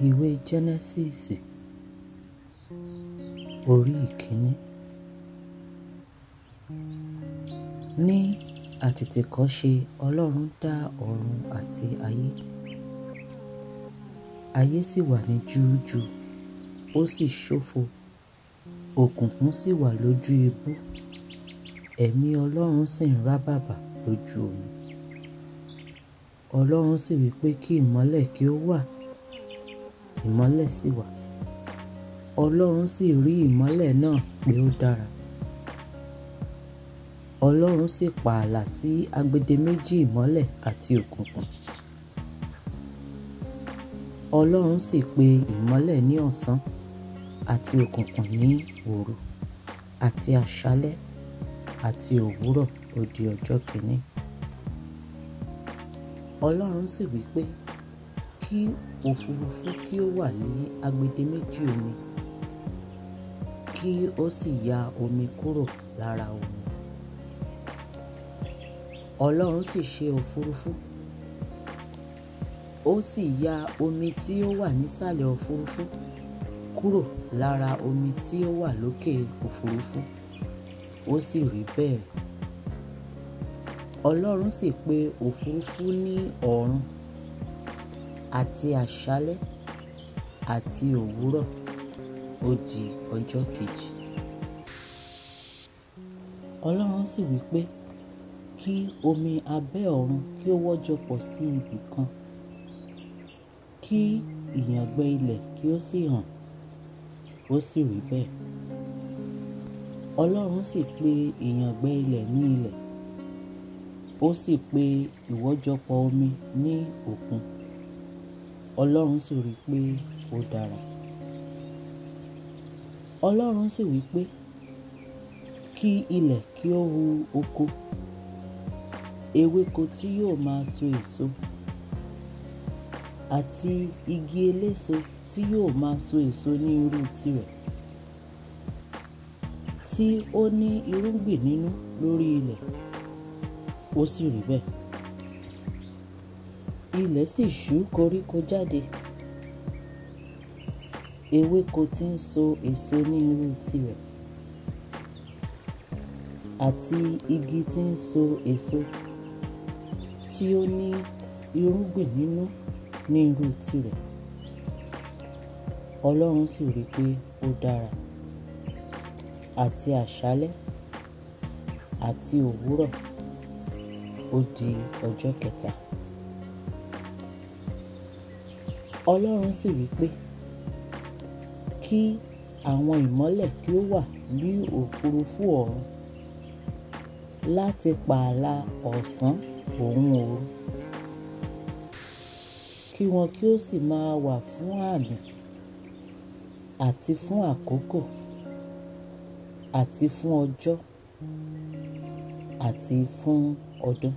ìwé Genesis, orí ìkíní ní àtètèkọ́ṣe ọlọ́run dá ọ̀run àti ayé ayé sì wà ní júújú ó sì ṣófo òkùnkùn sì wà lójú ibú ẹ̀mí ọlọ́run sì ń rábàbà lójú omi ọlọ́run sì wí pé kí ìmọ́lẹ̀ kí ó wà ìmọ́lẹ̀ sì wà ọlọ́run sì rí ìmọ́lẹ̀ náà pé ó dára ọlọ́run sì pààlà sí agbedeméjì ìmọ́lẹ̀ àti òkùnkùn ọlọ́run sì pe ìmọ́lẹ̀ ní ọ̀sán àti òkùnkùn ní òru àti àṣálẹ́ àti òwúrọ̀ ó di ọjọ́ kìíní ọlọ́run sì wí pé kí òfurufú kí ó wà ní agbede méjì omi kí ó sì ya omi kúrò lára omi ọlọ́run sì ṣe òfurufú ó sì ya omi tí ó wà nísàlẹ̀ òfurufú kúrò lára omi tí ó wà lókè òfurufú ó sì rí bẹ́ẹ̀ ọlọ́run sì pe òfurufú ní ọ̀run àti àṣálẹ́ àti òwúrọ̀ ó di ọjọ́ kejì. Ọlọ́run sì wí pé kí omi abẹ́ ọ̀run kí ó wọ́jọ pọ̀ sí ibì kan kí ìyàngbẹ ilẹ̀ kí ó sì hàn ó sì rí bẹ́ẹ̀. Ọlọ́run sì pe ìyàngbẹ ilẹ̀ ní ilẹ̀ ó sì pe ìwọ́jọpọ̀ omi ní òkun ọlọ́run sì rí i pé ó dára ọlọ́run sì wí pé kí ilẹ̀ kí ó hu oko ewéko tí yóò máa so èso àti igi eléso tí yóò máa so èso ní irú tirẹ̀ tí ó ní irúgbìn nínú lórí ilẹ̀ ó sì rí bẹ́ẹ̀ ilẹ̀ sì ṣú koríko jáde ewéko tí ń so èso ní irú tirẹ̀ àti igi tí ń so èso tí ó ní irúgbìn nínú ní irú tirẹ̀ ọlọ́run sì rí i pé ó dára àti àṣálẹ́ àti òwúrọ̀ ó di ọjọ́ kẹta ọlọ́run sì wí pé kí àwọn ìmọ́lẹ̀ kí ó wà bí òfurufú ọ̀run láti pààlà ọ̀sán òun òru kí wọn kí ó sì máa wà fún àmì àti fún àkókò àti fún ọjọ́ àti fún ọdún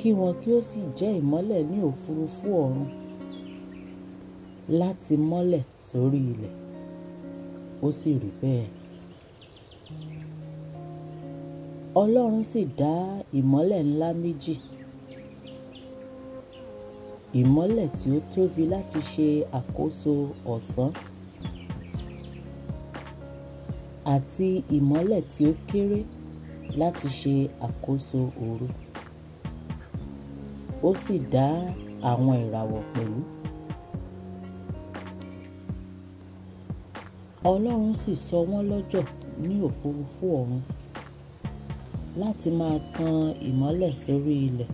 kí wọn kí ó sì jẹ́ ìmọ́lẹ̀ ní òfurufú ọ̀run láti mọ́lẹ̀ sórí ilẹ̀ ó sì rí bẹ́ẹ̀ ọlọ́run sì dá ìmọ́lẹ̀ ńlá méjì ìmọ́lẹ̀ tí ó tóbi láti ṣe àkóso ọ̀sán àti ìmọ́lẹ̀ tí ó kéré láti ṣe àkóso òru ó sì dá àwọn ìràwọ̀ pẹ̀lú. ọlọ́run sì sọ wọ́n lọ́jọ̀ ní òfurufú ọ̀run láti máa tan ìmọ́lẹ̀ sórí ilẹ̀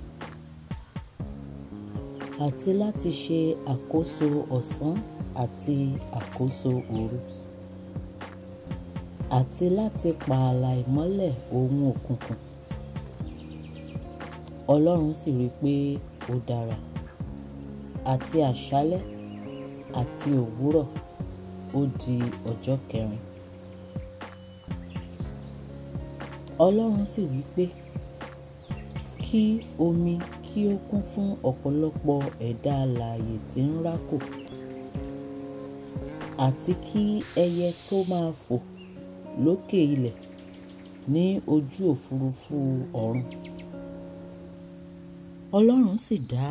àti láti ṣe àkóso ọ̀sán àti àkóso òru àti láti pààlà ìmọ́lẹ̀ ohun òkùnkùn ọlọ́run sì rí i pé ó dára àti àṣálẹ́ àti òwúrọ̀ ó di ọjọ́ kẹrin ọlọ́run sì wí pé kí omi kí ó kún fún ọ̀pọ̀lọpọ̀ ẹ̀dá alààyè tí ń rákò àti kí ẹyẹ tó máa fò lókè ilẹ̀ ní ojú òfurufú ọ̀run ọlọ́run sì dá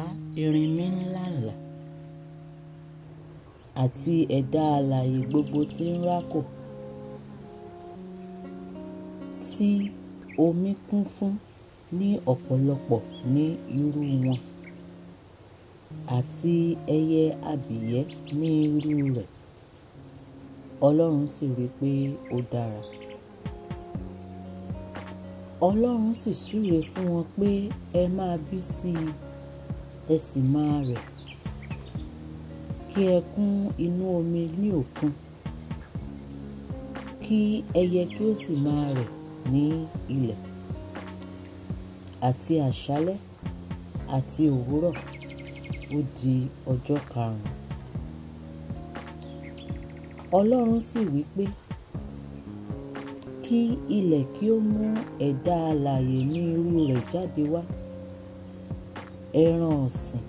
erinmi ńláǹlà àti ẹ̀dá alààyè gbogbo tí ń rákò tí omi kún fún ní ọ̀pọ̀lọpọ̀ ní irú wọn àti ẹyẹ abìyẹ́ ní irú rẹ̀ ọlọ́run sì rí i pé ó dára ọlọ́run sì súre fún wọn pé ẹ máa bí sí i ẹ sì máa rẹ̀ kí ẹ kún inú omi ní òkun kí ẹyẹ kí ó sì máa rẹ̀ ní ilẹ̀ àti àṣálẹ́ àti òwúrọ̀ ó di ọjọ́ karùn-ún ọlọ́run sì wí pé kí ilẹ̀ kí ó mú ẹ̀dá alààyè ní irú rẹ̀ jáde wá ẹran ọ̀sìn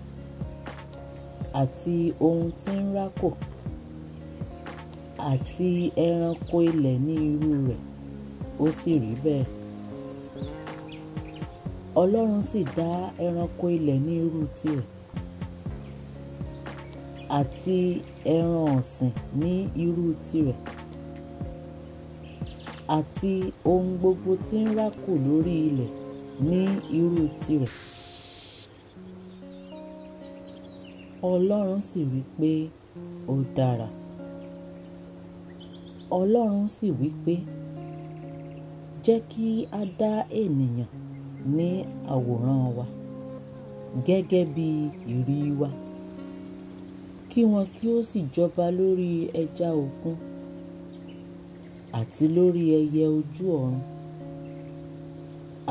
àti ohun tí ń rákò àti ẹranko ilẹ̀ ní irú rẹ̀ ó sì rí bẹ́ẹ̀ ọlọ́run sì dá ẹranko ilẹ̀ ní irú tirẹ̀ àti ẹran ọ̀sìn ní irú tirẹ̀ àti ohun gbogbo tí ń rákò lórí ilẹ̀ ní irú tirẹ̀. ọlọ́run sì wí pé ó dára. ọlọ́run sì wí pé jẹ́ kí a dá ènìyàn ní àwòrán wa gẹ́gẹ́ bí ìrí wa kí wọn kí ó sì jọba lórí ẹja òkun. E àti lórí ẹyẹ ojú ọ̀run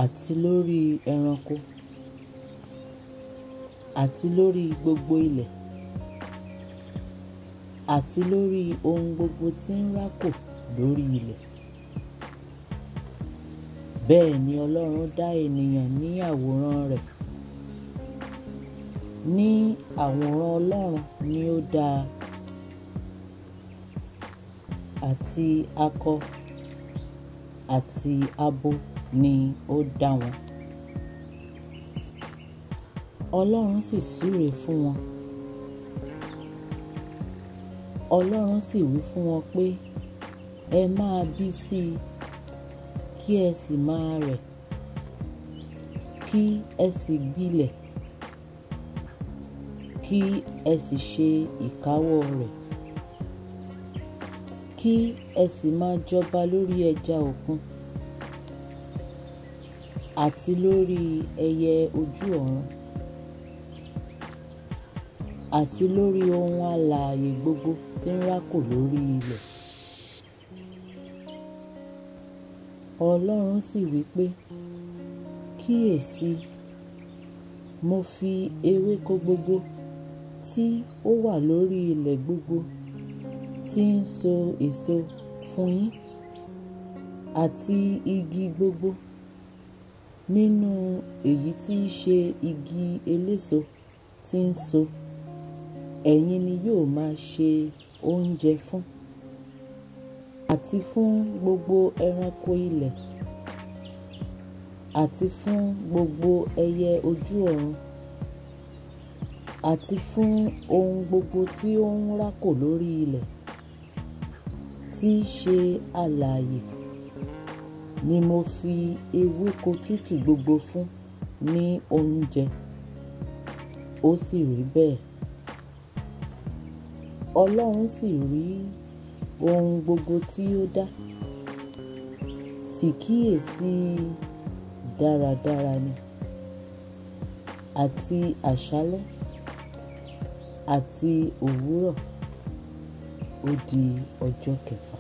àti lórí ẹranko àti lórí gbogbo ilẹ̀ àti lórí ohun gbogbo tí ń rákò lórí ilẹ̀ bẹ́ẹ̀ ni Ọlọ́run dá ènìyàn ní àwòrán rẹ̀ ní àwòrán Ọlọ́run ni ó dá àti akọ àti abo ni ó dá wọn ọlọ́run sì súre fún wọn ọlọ́run sì wí fún wọn pé ẹ máa bí sí i kí ẹ sì máa rẹ̀ kí ẹ sì gbilẹ̀ kí ẹ sì ṣe ìkáwọ́ rẹ̀ kí ẹ sì máa jọba lórí ẹja òkun àti lórí ẹyẹ ojú ọ̀run àti lórí ohun alààyè gbogbo tí ń rákò lórí ilẹ̀. Ọlọ́run sì wí pé kíyèsí mo fi ewéko gbogbo tí ó wà lórí ilẹ̀ gbogbo tí ń so èso fún yín àti igi gbogbo nínú èyí tí í ṣe igi eléso tí ń so ẹ̀yin ni yóò máa ṣe oúnjẹ fún àti fún gbogbo ẹranko ilẹ̀ àti fún gbogbo ẹyẹ ojú ọ̀run àti fún ohun gbogbo tí ó ń rákò lórí ilẹ̀ tí í ṣe alààyè ni mo fi ewéko tútù gbogbo fún ní oúnjẹ ó sì rí bẹ́ẹ̀ ọlọ́run sì rí ohun gbogbo tí ó dá sì kíyèsí dáradára ni àti àṣálẹ́ àti òwúrọ̀ ó di ọjọ́ kẹfà.